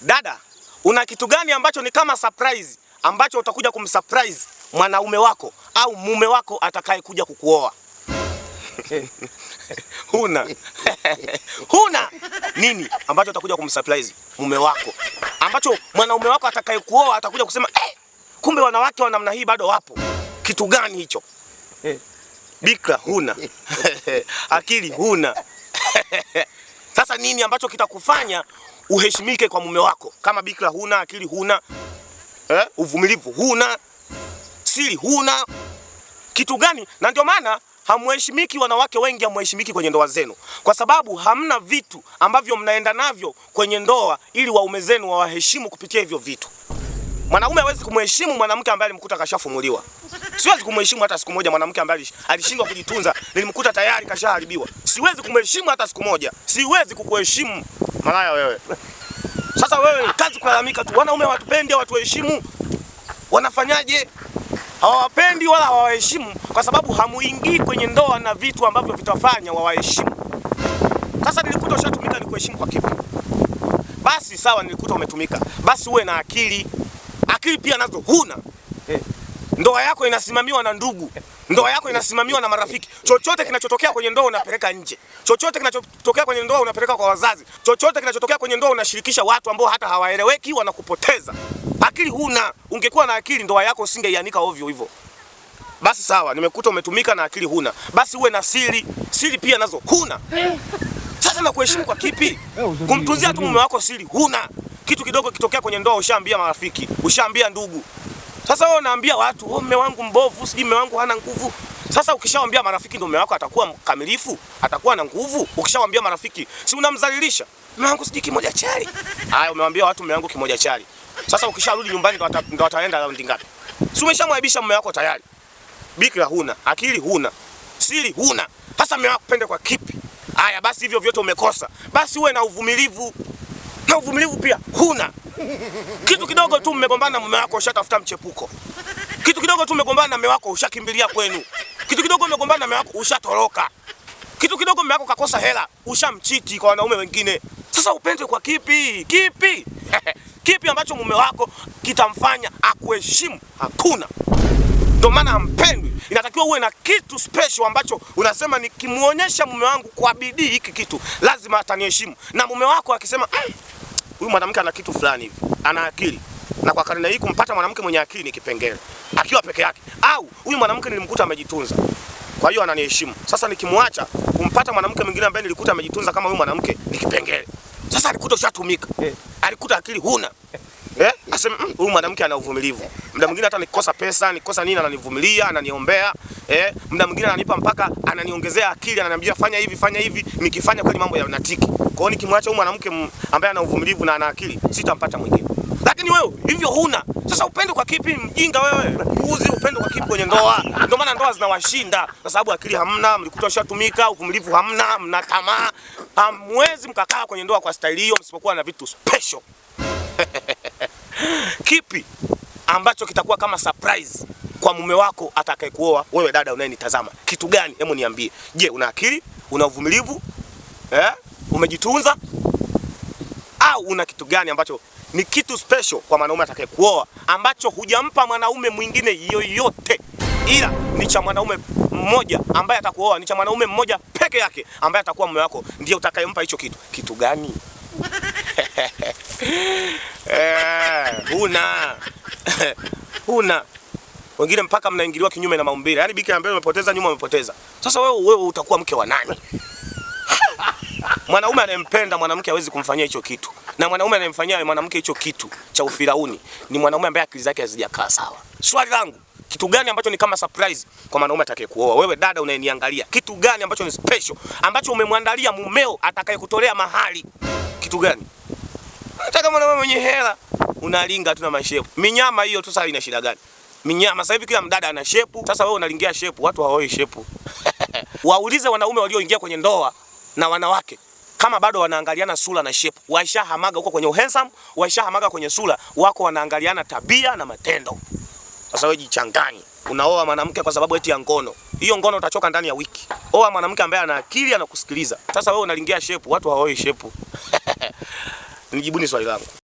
Dada, una kitu gani ambacho ni kama surprise ambacho utakuja kumsurprise mwanaume wako au mume wako atakaye kuja kukuoa? Huna. Huna nini ambacho utakuja kumsurprise mume wako ambacho mwanaume wako atakayekuoa atakuja kusema eh, kumbe wanawake wa namna hii bado wapo. Kitu gani hicho? Bikra huna. Akili huna. Sasa nini ambacho kitakufanya uheshimike kwa mume wako? Kama bikira huna akili, huna eh, uvumilivu huna, siri huna, kitu gani? Na ndio maana hamheshimiki. Wanawake wengi hamheshimiki kwenye ndoa zenu, kwa sababu hamna vitu ambavyo mnaenda navyo kwenye ndoa ili waume zenu wawaheshimu kupitia hivyo vitu. Mwanaume hawezi kumheshimu mwanamke ambaye alimkuta kashafumuliwa. Siwezi kumheshimu hata siku moja mwanamke ambaye alishindwa kujitunza, nilimkuta tayari kashaharibiwa. Siwezi kumheshimu hata siku moja. Siwezi kukuheshimu malaya wewe. Sasa wewe kazi kulalamika tu. Wanaume au watuheshimu. Wanafanyaje? Hawawapendi wala hawawaheshimu kwa sababu hamuingii kwenye ndoa na vitu ambavyo vitafanya wawaheshimu. Sasa nilikuta ushatumika, nikuheshimu kwa kipi? Basi sawa, nilikuta umetumika. Basi uwe na akili akili pia nazo huna eh. Ndoa yako inasimamiwa na ndugu, eh. ndoa yako inasimamiwa na marafiki. Chochote kinachotokea kwenye ndoa unapeleka nje, chochote kinachotokea kwenye ndoa unapeleka kwa wazazi, chochote kinachotokea kwenye ndoa unashirikisha watu ambao hata hawaeleweki, wanakupoteza. Akili huna. Ungekuwa na akili, ndoa yako usingeianika ovyo hivyo. Basi sawa, nimekuta umetumika na akili huna, basi uwe na siri. Siri pia nazo huna. Eh. Sasa na kuheshimu kwa kipi? Eh, Kumtunzia tu mume wako siri huna kitu kidogo kitokea kwenye ndoa ushaambia marafiki, ushaambia ndugu. Sasa wewe unaambia watu, oh, mume wangu mbovu, sijui mume wangu hana nguvu. Sasa ukishawambia marafiki ndio mume wako atakuwa mkamilifu, atakuwa na nguvu. Ukishawambia marafiki, si unamdhalilisha. mume wangu sijui kimoja chali. Haya umewaambia watu mume wangu kimoja chali. Sasa ukisharudi nyumbani ndio wataenda raundi ngapi? Si umeshamwaibisha mume wako tayari. Bikira huna, akili huna, siri huna. Sasa mume wako pende kwa kipi? Haya basi hivyo vyote umekosa. Basi uwe na uvumilivu na uvumilivu pia huna. Kitu kidogo tu mmegombana na mume wako ushatafuta mchepuko. Kitu kidogo tu mmegombana na mume wako ushakimbilia kwenu. Kitu kidogo mmegombana na mume wako ushatoroka. Kitu kidogo mume wako kakosa hela ushamchiti kwa wanaume wengine. Sasa upende kwa kipi? Kipi? Kipi ambacho mume wako kitamfanya akuheshimu? Hakuna. Ndio maana mpendwi, Inatakiwa uwe na kitu special ambacho unasema nikimuonyesha mume wangu kwa bidii hiki kitu lazima ataniheshimu. Na mume wako akisema mm, huyu mwanamke ana kitu fulani hivi, ana akili, na kwa karne hii kumpata mwanamke mwenye akili ni kipengele, akiwa peke yake. Au huyu mwanamke nilimkuta amejitunza, kwa hiyo ananiheshimu. Sasa nikimwacha, kumpata mwanamke mwingine ambaye nilikuta amejitunza kama huyu mwanamke ni kipengele. Sasa alikuta ushatumika, eh. alikuta akili huna Eh, aseme mm, huyu mwanamke ana uvumilivu. Muda mwingine hata nikikosa pesa, nikikosa nini ananivumilia, ananiombea. Eh, muda mwingine ananipa mpaka ananiongezea akili, ananiambia fanya hivi, fanya hivi, nikifanya kweli mambo yanatiki. Kwa hiyo nikimwacha huyu mwanamke ambaye ana uvumilivu na ana akili, sitampata mwingine. Lakini wewe hivyo huna. Sasa upendo kwa kipi mjinga wewe? Uzi upendo kwa kipi kwenye ndoa? Ndio maana ndoa zinawashinda kwa sababu akili hamna, mlikuta shatumika, uvumilivu hamna, mna tamaa. Hamwezi mkakaa kwenye ndoa kwa staili hiyo msipokuwa na vitu special. Kipi ambacho kitakuwa kama surprise kwa mume wako atakayekuoa wewe, dada unayenitazama, kitu gani? Hebu niambie. Je, una akili? Una uvumilivu? Eh? umejitunza au una kitu gani ambacho ni kitu special kwa mwanaume atakayekuoa ambacho hujampa mwanaume mwingine yoyote, ila ni cha mwanaume mmoja ambaye atakuoa, ni cha mwanaume mmoja peke yake ambaye atakuwa mume wako, ndiye utakayempa hicho kitu. Kitu gani? Eh, una una wengine mpaka mnaingiliwa kinyume na maumbile, yaani biki ambaye umepoteza nyuma, umepoteza sasa. Wewe wewe utakuwa mke wa nani? Mwanaume anayempenda mwanamke hawezi kumfanyia hicho kitu, na mwanaume anayemfanyia mwanamke hicho kitu cha ufirauni ni mwanaume ambaye akili zake hazijakaa sawa. Swali langu kitu gani ambacho ni kama surprise kwa mwanaume atakayekuoa wewe? Dada unayeniangalia, kitu gani ambacho ni special ambacho umemwandalia mumeo atakayekutolea mahali? Kitu gani? Nataka mwanaume mwenye hela, unalinga tu na mashepu minyama hiyo tu. Sasa ina shida gani minyama? Sasa hivi kila mdada ana shepu. Sasa wewe unalingia shepu, watu hawaoi shepu. Waulize wanaume walioingia kwenye ndoa na wanawake kama bado wanaangaliana sura na shape, hamaga huko kwenye handsome, hamaga kwenye sura, wako wanaangaliana tabia na matendo. Sasa wewe jichanganye, unaoa mwanamke kwa sababu eti ya ngono. Hiyo ngono utachoka ndani ya wiki. Oa mwanamke ambaye ana akili, anakusikiliza. Sasa wewe unalingia shape, watu hawaoi shape. Nijibuni swali langu.